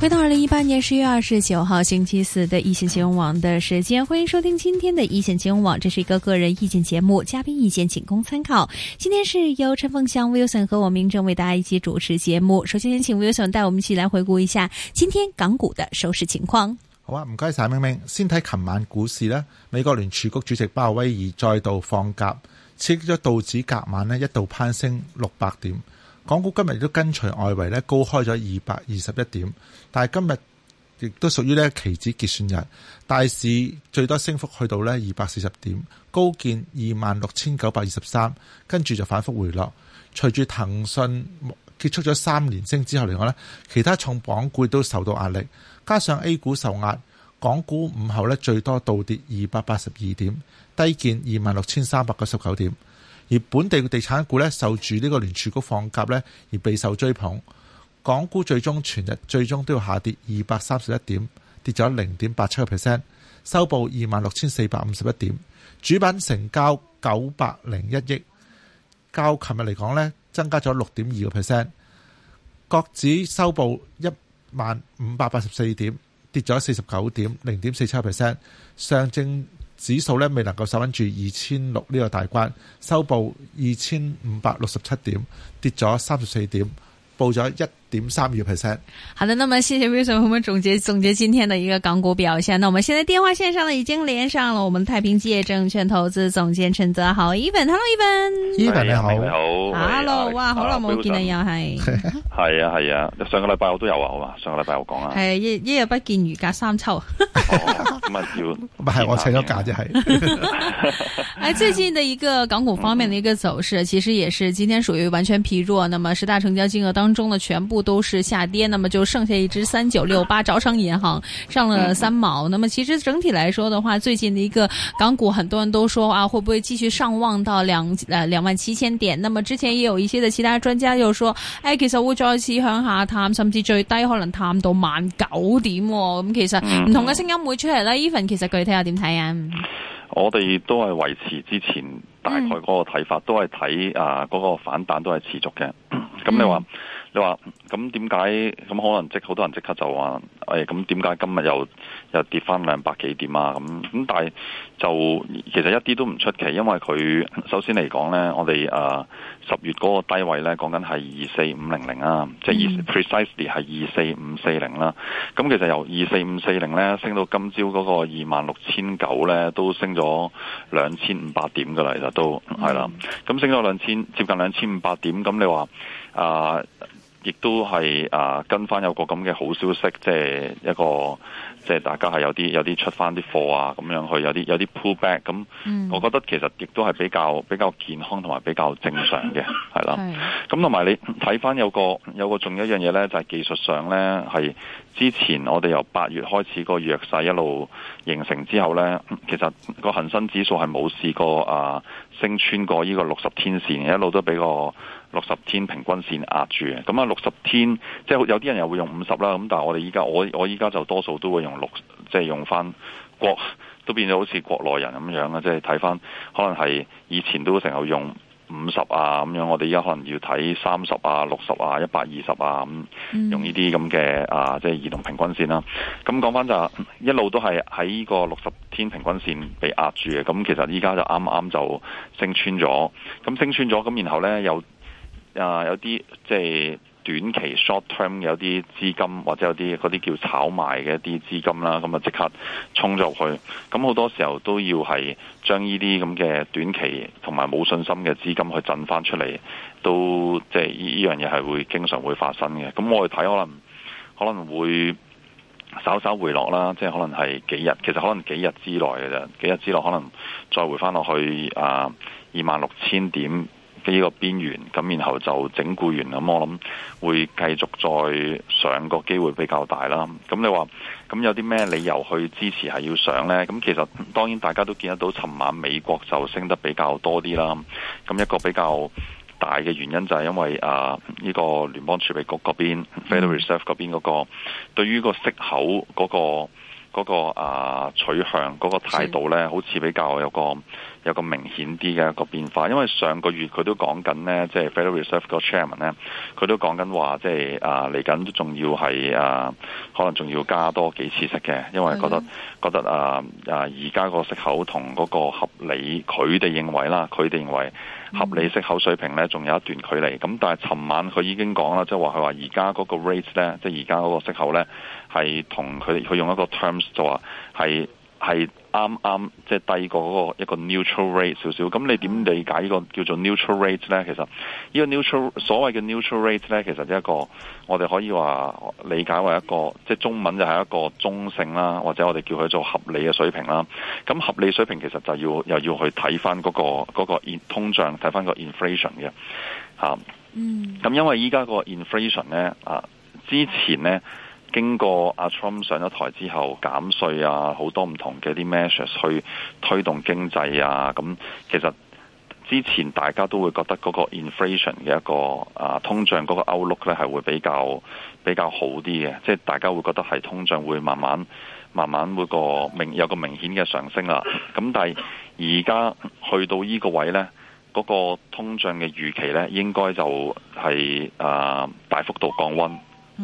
回到二零一八年十月二十九號星期四的一線金融網的時間，歡迎收聽今天的《一線金融網》，這是一個個人意見節目，嘉賓意見僅供參考。今天是由陳鳳翔 Wilson 和我明正為大家一起主持節目。首先，請 Wilson 帶我們一起來回顧一下今天港股的收市情況。好啊，唔該晒，明明。先睇琴晚股市咧，美國聯儲局主席鮑威爾再度放鴿，刺激咗道指隔晚一度攀升六百點。港股今日亦都跟隨外圍咧，高開咗二百二十一點，但係今日亦都屬於咧期指結算日，大市最多升幅去到呢二百四十點，高見二萬六千九百二十三，跟住就反復回落。隨住騰訊結束咗三年升之後嚟講呢，其他重磅股都受到壓力，加上 A 股受壓，港股午後呢最多倒跌二百八十二點，低見二萬六千三百九十九點。而本地嘅地產股咧受住呢個聯儲局放鴿咧，而備受追捧。港股最終全日最終都要下跌二百三十一點，跌咗零點八七個 percent，收報二萬六千四百五十一點。主板成交九百零一億，較琴日嚟講咧增加咗六點二個 percent。國指收報一萬五百八十四點，跌咗四十九點，零點四七個 percent。上證指數咧未能夠守穩住二千六呢個大關，收報二千五百六十七點，跌咗三十四點，報咗一點三二 percent。好的，那麼謝謝 Wilson，我們總結總結今天的一個港股表現。那我們現在電話線上呢已經連上了我們太平基業證券投資總監陳德豪。Even，Hello，Even，Even，你好，你好，Hello，哇，好耐冇見啦，又係，係啊係啊，上個禮拜我都有啊，好嘛，上個禮拜我講啦，係一一日不見如隔三秋啊。咁啊要，唔係我請咗假啫係。誒，最近的一個港股方面的一個走勢，其實也是今天屬於完全疲弱。那麼十大成交金額當中的全部。都是下跌，那麼就剩下一支三九六八，招商銀行上了三毛。那麼其實整體來說的話，最近的一個港股，很多人都說啊，會不會繼續上望到兩、呃、兩萬七千點？那麼之前也有一些的其他專家又說，誒、哎，其實會再次向下探，甚至最低可能探到萬九點、哦。咁其實唔同嘅聲音會出嚟啦。Even、嗯、其實具體下點睇啊？我哋都係維持之前大概嗰個睇法，嗯、都係睇啊嗰個反彈都係持續嘅。咁你話？嗯你話咁點解？咁可能即好多人即刻就話誒，咁點解今日又又跌翻兩百幾點啊？咁咁但係就其實一啲都唔出奇，因為佢首先嚟講呢，我哋誒十月嗰個低位呢，講緊係二四五零零啊，即係 precisely 係二四五四零啦。咁、hmm. 啊、其實由二四五四零呢升到今朝嗰個二萬六千九呢，都升咗兩千五百點噶啦，其實都係啦。咁、mm hmm. 升咗兩千接近兩千五百點，咁你話？啊，亦都係啊，跟翻有個咁嘅好消息，即係一個，即係大家係有啲有啲出翻啲貨啊，咁樣去有啲有啲 pullback，咁，嗯，我覺得其實亦都係比較比較健康同埋比較正常嘅，係啦，咁同埋你睇翻有個有個仲一樣嘢呢，就係技術上呢，係之前我哋由八月開始個弱勢一路形成之後呢，其實個恒生指數係冇試過啊。升穿過呢個六十天線，一路都俾個六十天平均線壓住。咁啊，六十天即係有啲人又會用五十啦。咁但係我哋依家我我依家就多數都會用六，即係用翻國都變咗好似國內人咁樣啦，即係睇翻可能係以前都成日用。五十啊咁樣，我哋而家可能要睇三十啊、六十啊、一百二十啊咁，用呢啲咁嘅啊，即係移動平均線啦、啊。咁講翻就是、一路都係喺呢個六十天平均線被壓住嘅，咁其實依家就啱啱就升穿咗。咁升穿咗，咁然後呢，有啊有啲即係。短期 short term 有啲資金或者有啲嗰啲叫炒賣嘅一啲資金啦，咁啊即刻衝入去，咁好多時候都要係將呢啲咁嘅短期同埋冇信心嘅資金去震翻出嚟，都即係呢呢樣嘢係會經常會發生嘅。咁我哋睇可能可能會稍稍回落啦，即係可能係幾日，其實可能幾日之內嘅啫，幾日之內可能再回翻落去啊二萬六千點。呢個邊緣咁，然後就整固完咁、嗯，我諗會繼續再上、這個機會比較大啦。咁、嗯、你話咁、嗯、有啲咩理由去支持係要上呢？咁、嗯、其實當然大家都見得到，尋晚美國就升得比較多啲啦。咁、嗯、一個比較大嘅原因就係因為啊，呢、呃這個聯邦儲備局嗰邊、嗯、Federal Reserve 嗰邊嗰個對於個息口嗰、那個、那個那個、啊取向嗰、那個態度呢，嗯、好似比較有個。有個明顯啲嘅一個變化，因為上個月佢都講緊呢，即係 Federal Reserve 個 Chairman 呢，佢都講緊話，即係啊嚟緊仲要係啊，可能仲要加多幾次息嘅，因為覺得、mm. 覺得啊啊而家個息口同嗰個合理，佢哋認為啦，佢哋認為合理息口水平呢仲有一段距離。咁但係尋晚佢已經講啦，即係話佢話而家嗰個 rate 呢，即係而家嗰個息口呢，係同佢佢用一個 terms 就話係係。啱啱即係低過嗰個一個 neutral rate 少少，咁你點理解呢個叫做 neutral rate 呢？其實呢個 neutral 所謂嘅 neutral rate 呢，其實一個我哋可以話理解為一個即係、就係、中文就係一個中性啦，或者我哋叫佢做合理嘅水平啦。咁合理水平其實就要又要去睇翻嗰個嗰、嗰個通脹，睇翻個 inflation 嘅嚇。咁、啊嗯、因為依家個 inflation 呢，啊，之前呢。經過阿 Trump 上咗台之後減稅啊，好多唔同嘅啲 measures 去推動經濟啊，咁、嗯、其實之前大家都會覺得嗰個 inflation 嘅一個啊通脹嗰個 outlook 咧係會比較比較好啲嘅，即係大家會覺得係通脹會慢慢慢慢會個明有個明顯嘅上升啦。咁、嗯、但係而家去到呢個位呢，嗰、那個通脹嘅預期呢應該就係、是、啊大幅度降温。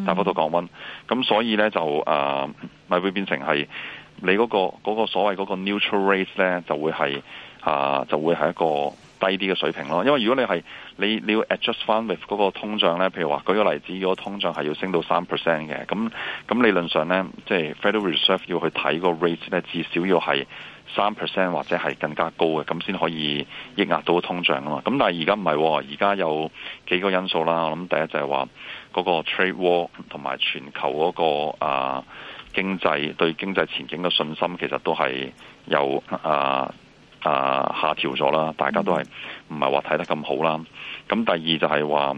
打翻到降溫，咁所以咧就誒咪、呃、會變成係你嗰、嗰個嗰個所謂嗰個 neutral rate 咧就會係啊、呃、就會係一個低啲嘅水平咯。因為如果你係你你要 adjust 翻 with 嗰個通脹咧，譬如話舉個例子，如果通脹係要升到三 percent 嘅，咁咁理論上咧，即、就、係、係、Federal Reserve 要去睇個 rate 咧，至少要係。三 percent 或者係更加高嘅，咁先可以抑壓到通脹啊嘛。咁但係而家唔係，而家有幾個因素啦。我諗第一就係話嗰個 trade war 同埋全球嗰個啊經濟對經濟前景嘅信心，其實都係有啊啊下調咗啦。大家都係唔係話睇得咁好啦。咁第二就係話。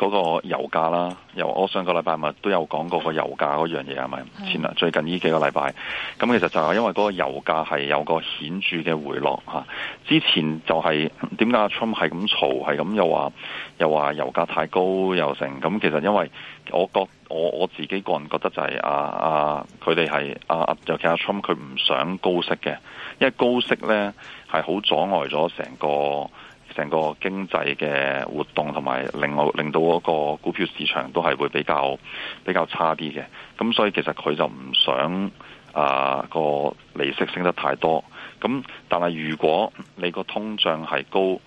嗰個油價啦，由我上個禮拜咪都有講過個油價嗰樣嘢係咪？前啊的最近呢幾個禮拜，咁其實就係因為嗰個油價係有個顯著嘅回落嚇。之前就係點解阿 Trump 係咁嘈，係咁又話又話油價太高，又成咁。其實因為我覺我我自己個人覺得就係阿阿佢哋係阿尤其阿 Trump 佢唔想高息嘅，因為高息呢係好阻礙咗成個。成個經濟嘅活動同埋另外令到嗰個股票市場都係會比較比較差啲嘅，咁所以其實佢就唔想啊，呃，嗰個利息升得太多，咁但係如果你個通脹係高。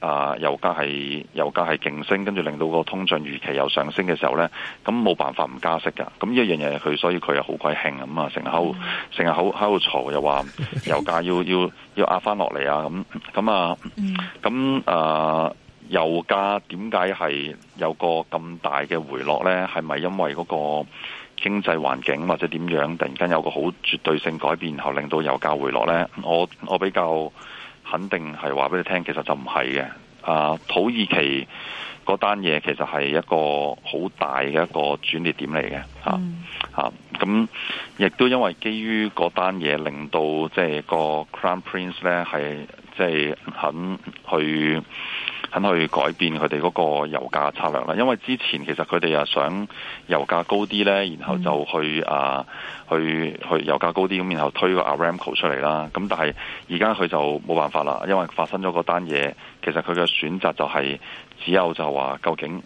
啊！油價係，油價係勁升，跟住令到個通脹預期又上升嘅時候咧，咁冇辦法唔加息噶。咁呢一樣嘢佢，所以佢又好鬼興咁啊！成日喺度成日喺度喺度嘈，又話油價要要要壓翻落嚟啊！咁咁啊，咁啊，啊油價點解係有個咁大嘅回落咧？係咪因為嗰個經濟環境或者點樣突然間有個好絕對性改變，然後令到油價回落咧？我我比較。肯定係話俾你聽，其實就唔係嘅。啊，土耳其嗰單嘢其實係一個好大嘅一個轉捩點嚟嘅。嚇嚇、嗯，咁、啊、亦都因為基於嗰單嘢，令到即係個 Crown Prince 咧係即係肯去。肯去改變佢哋嗰個油價策略啦，因為之前其實佢哋又想油價高啲呢，然後就去、嗯、啊去去油價高啲咁，然後推個 Aramco 出嚟啦。咁但係而家佢就冇辦法啦，因為發生咗嗰單嘢。其實佢嘅選擇就係只有就話究竟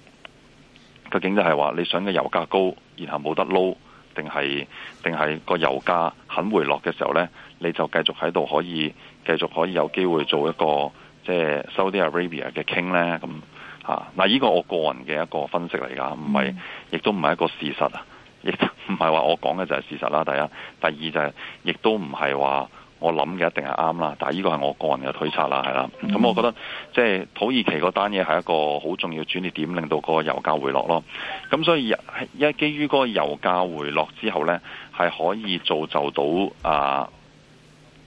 究竟就係話你想嘅油價高，然後冇得撈，定係定係個油價肯回落嘅時候呢，你就繼續喺度可以繼續可以有機會做一個。即 Saudi Arabia 嘅傾咧，咁嚇嗱，依、這個我個人嘅一個分析嚟㗎，唔係亦都唔係一個事實啊，亦唔係話我講嘅就係事實啦。第一，第二就係、是、亦都唔係話我諗嘅一定係啱啦。但係依個係我個人嘅推測啦，係啦。咁、嗯嗯、我覺得即係、就是、土耳其嗰單嘢係一個好重要轉捩點，令到個油價回落咯。咁、嗯、所以一基於嗰個油價回落之後咧，係可以造就到啊。呃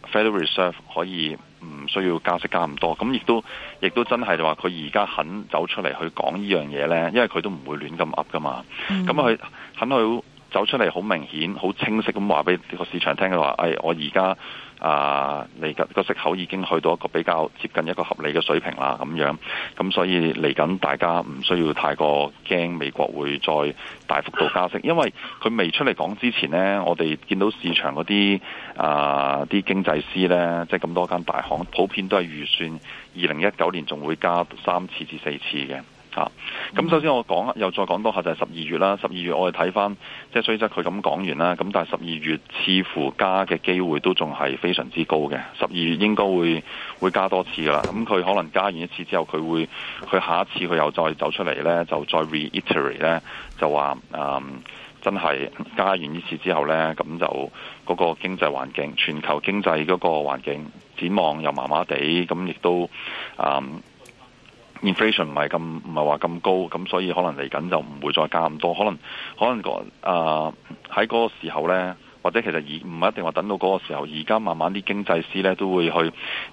Federal Reserve 可以唔需要加息加咁多，咁亦都亦都真係就話佢而家肯走出嚟去講呢樣嘢咧，因為佢都唔會亂咁 up 噶嘛，咁佢、嗯、肯去。走出嚟好明顯好清晰咁話，俾個市場聽嘅話，誒，我而家啊，嚟緊個息口已經去到一個比較接近一個合理嘅水平啦，咁樣，咁所以嚟緊大家唔需要太過驚，美國會再大幅度加息，因為佢未出嚟講之前咧，我哋見到市場嗰啲啊，啲經濟師咧，即係咁多間大行普遍都係預算二零一九年仲會加三次至四次嘅。啊！咁首先我講又再講多下就係十二月啦。十二月我哋睇翻，即係雖則佢咁講完啦。咁但係十二月似乎加嘅機會都仲係非常之高嘅。十二月應該會會加多次噶啦。咁佢可能加完一次之後，佢會佢下一次佢又再走出嚟呢，就再 reiterate 呢，就話啊、嗯，真係加完一次之後呢，咁就嗰、嗰個經濟環境、全球經濟嗰個環境展望又麻麻地，咁亦都啊。嗯 inflation 唔係咁，唔係話咁高，咁所以可能嚟緊就唔會再加咁多，可能可能個啊喺嗰個時候咧。或者其實而唔係一定話等到個時候，而家慢慢啲經濟師咧都會去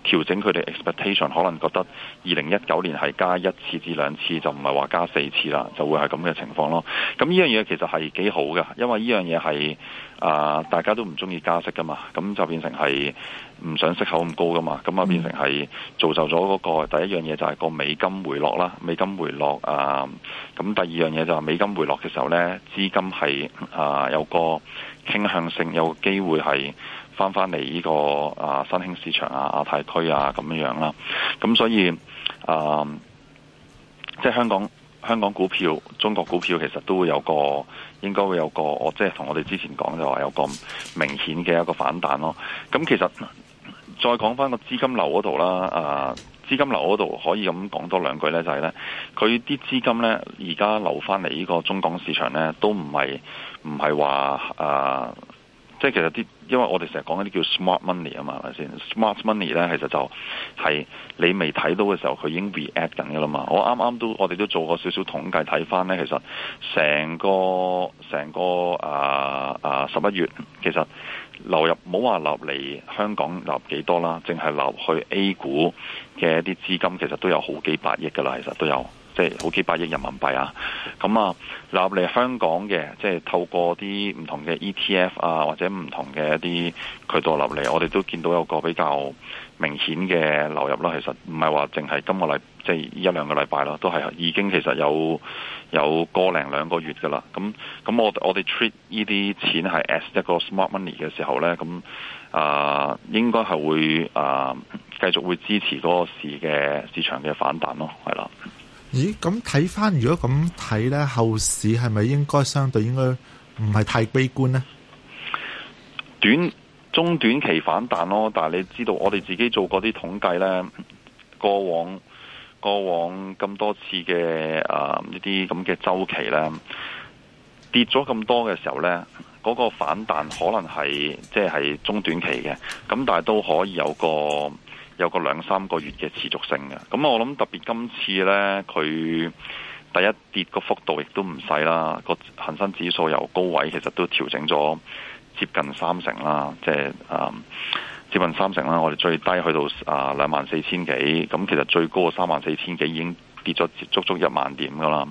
調整佢哋 expectation，可能覺得二零一九年係加一次至兩次，就唔係話加四次啦，就會係咁嘅情況咯。咁呢樣嘢其實係幾好嘅，因為呢樣嘢係啊大家都唔中意加息噶嘛，咁就變成係唔想息口咁高噶嘛，咁啊變成係造就咗，嗰個第一樣嘢就係個美金回落啦，美金回落啊，咁，呃嗯，第二樣嘢就係、是、美金回落嘅時候咧，資金係啊、呃、有個傾向。定有機會係翻返嚟呢個啊，新興市場啊，亞太區啊咁樣樣啦。咁所以啊，即係香港香港股票、中國股票其實都會有個應該會有個我即係同我哋之前講就話有個明顯嘅一個反彈咯。咁其實再講翻個資金流嗰度啦，啊，資金流嗰度可以咁講多兩句呢，就係呢佢啲資金呢，而家流翻嚟呢個中港市場呢，都唔係唔係話啊。即係其實啲，因為我哋成日講嗰啲叫 smart money 啊嘛，係咪先？smart money 咧，其實就係你未睇到嘅時候，佢已經 react 緊嘅啦嘛。我啱啱都我哋都做過少少統計，睇翻咧，其實成個成個啊啊十一月，其實流入冇話流入香港流入幾多啦，淨係流去 A 股嘅一啲資金，其實都有好幾百億嘅啦，其實都有。即係好幾百億人民幣啊！咁啊，流嚟香港嘅，即係透過啲唔同嘅 ETF 啊，或者唔同嘅一啲渠道流嚟，我哋都見到有個比較明顯嘅流入啦。其實唔係話淨係今個禮，即係一兩個禮拜咯，都係已經其實有有個零兩個月噶啦。咁咁我我哋 treat 呢啲錢係 as 一個 smart money 嘅時候呢，咁啊應該係會啊繼、啊啊啊啊啊、續會支持嗰個市嘅市場嘅反彈咯，係、啊、啦。咦，咁睇翻，如果咁睇呢，後市係咪應該相對應該唔係太悲觀呢？短、中、短期反彈咯，但係你知道，我哋自己做過啲統計呢，過往過往咁多次嘅啊呢啲咁嘅周期呢，跌咗咁多嘅時候呢，嗰、嗰個反彈可能係即係中短期嘅，咁但係都可以有個。有個兩三個月嘅持續性嘅，咁我諗特別今次呢，佢第一跌個幅度亦都唔細啦，個恒生指數由高位其實都調整咗接近三成啦，即係、嗯、接近三成啦，我哋最低去到啊兩萬四千幾，咁、嗯、其實最高三萬四千幾已經跌咗足足一萬點噶啦，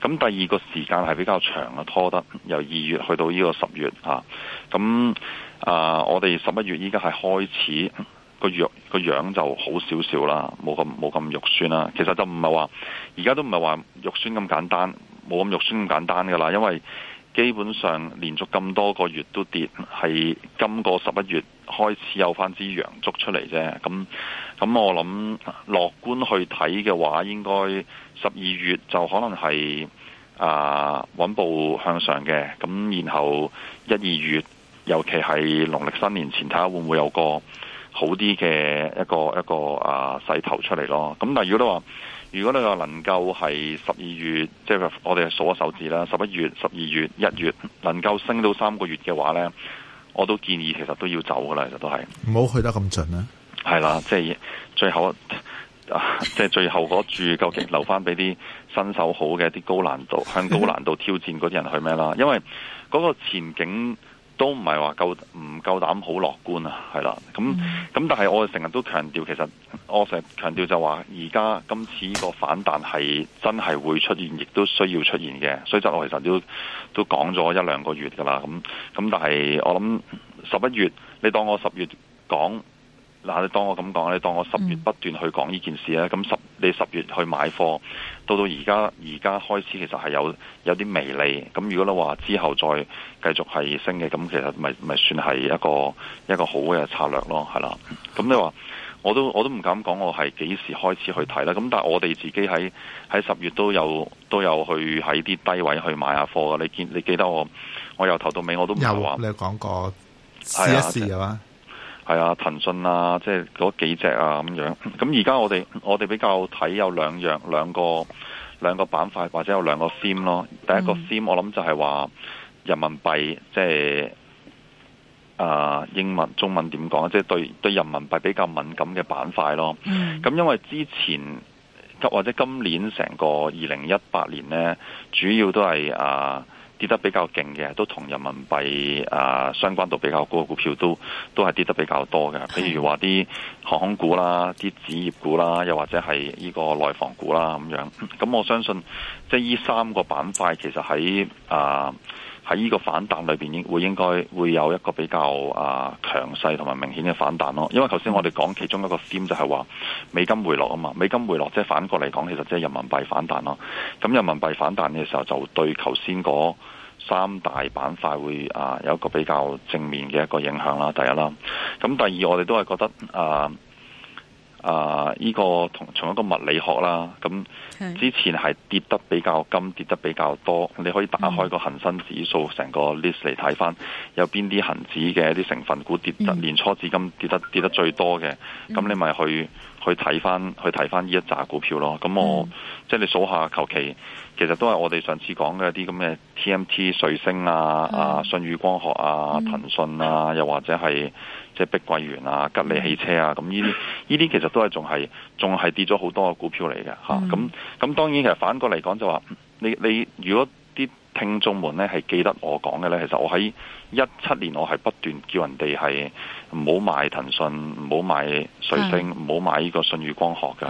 咁、嗯、第二個時間係比較長啊，拖得由二月去到呢個十月啊，咁、嗯、啊我哋十一月依家係開始。個樣個樣就好少少啦，冇咁冇咁肉酸啦。其實就唔係話，而家都唔係話肉酸咁簡單，冇咁肉酸咁簡單噶啦。因為基本上連續咁多個月都跌，係今個十一月開始有返支陽燭出嚟啫。咁咁我諗樂觀去睇嘅話，應該十二月就可能係啊穩步向上嘅。咁然後一二月，尤其係農曆新年前睇下會唔會有個。好啲嘅一個一個啊洗頭出嚟咯，咁但係如果你話如果你話能夠係十二月，即係我哋數一手指啦，十一月、十二月、一月能夠升到三個月嘅話呢，我都建議其實都要走噶啦，其實都係。唔好去得咁盡啊！係啦，即係最後啊，即係最後嗰注究竟留翻俾啲新手好嘅、啲高難度 向高難度挑戰嗰啲人去咩啦？因為嗰個前景。都唔係話夠唔夠膽好樂觀啊，係啦，咁咁但係我成日都強調，其實我成日強調就話，而家今次呢個反彈係真係會出現，亦都需要出現嘅，所以則我其實都都講咗一兩個月㗎啦，咁咁但係我諗十一月，你當我十月講。嗱，你當我咁講，你當我十月不斷去講呢件事咧，咁十、嗯、你十月去買貨，到到而家而家開始其實係有有啲微利。咁如果你話之後再繼續係升嘅，咁其實咪咪算係一個一個好嘅策略咯，係啦。咁你話我都我都唔敢講，我係幾時開始去睇啦。咁但係我哋自己喺喺十月都有都有去喺啲低位去買下貨嘅。你見你記得我我由頭到尾我都唔話你講過試一試啊。係啊，騰訊啊，即係嗰幾隻啊，咁樣。咁而家我哋我哋比較睇有兩樣，兩個兩個板塊或者有兩個 theme 咯。第一個 theme 我諗就係話人民幣，即係啊，英文中文點講啊，即係對對人民幣比較敏感嘅板塊咯。咁、嗯、因為之前或者今年成個二零一八年呢，主要都係啊。跌得比較勁嘅，都同人民幣誒、呃、相關度比較高嘅股票都，都都係跌得比較多嘅。譬如話啲航空股啦、啲紙業股啦，又或者係呢個內房股啦咁樣，咁我相信，即係呢三個板塊其實喺啊。呃喺呢個反彈裏邊，應會應該會有一個比較啊強勢同埋明顯嘅反彈咯。因為頭先我哋講其中一個 theme 就係話美金回落啊嘛，美金回落即係反過嚟講，其實即係人民幣反彈咯。咁、嗯、人民幣反彈嘅時候，就對頭先嗰三大板塊會啊、呃、有一個比較正面嘅一個影響啦。第一啦，咁、嗯、第二我哋都係覺得啊。呃啊！依、uh, 這個同從一個物理學啦，咁之前係跌得比較金，跌得比較多。你可以打開個恒生指數成個 list 嚟睇返，有邊啲恒指嘅一啲成分股跌得年初至今跌得跌得最多嘅，咁你咪去。去睇翻，去睇翻呢一扎股票咯。咁我、嗯、即係你數下，求其其實都係我哋上次講嘅一啲咁嘅 TMT 瑞聲啊，嗯、啊舜宇光學啊，騰訊啊，又或者係即係碧桂園啊，吉利汽車啊。咁呢啲呢啲其實都係仲係仲係跌咗好多嘅股票嚟嘅。吓、嗯，咁咁、啊、當然其實反過嚟講就話、是，你你，你如果。聽眾們咧係記得我講嘅咧，其實我喺一七年我係不斷叫人哋係唔好賣騰訊，唔好賣瑞星，唔好買呢個信譽光學嘅。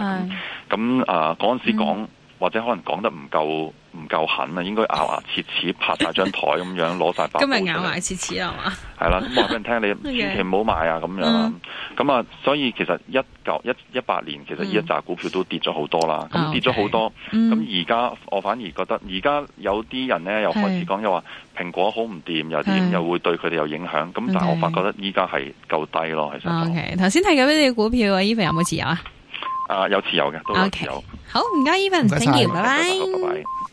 咁啊嗰陣時講。嗯或者可能講得唔夠唔夠狠啊，應該咬牙切齒拍曬張台咁樣攞曬， 今日咬牙切齒啊嘛？係 啦，咁話俾人聽你千祈唔好買啊咁 Okay. 樣啦。咁啊、mm. 嗯，所以其實一九一一八年其實呢一扎股票都跌咗好多啦。咁、mm. oh, okay. 跌咗好多，咁而家我反而覺得而家有啲人咧又開始講又話蘋果好唔掂，又點 又會對佢哋有影響。咁 Okay. 但我發覺得依家係夠低咯。其實，頭先睇緊咩股票啊？依份有冇持有啊？啊，uh, 有持有嘅都有持有。Okay. 好，唔該，Evan, thank you，拜拜。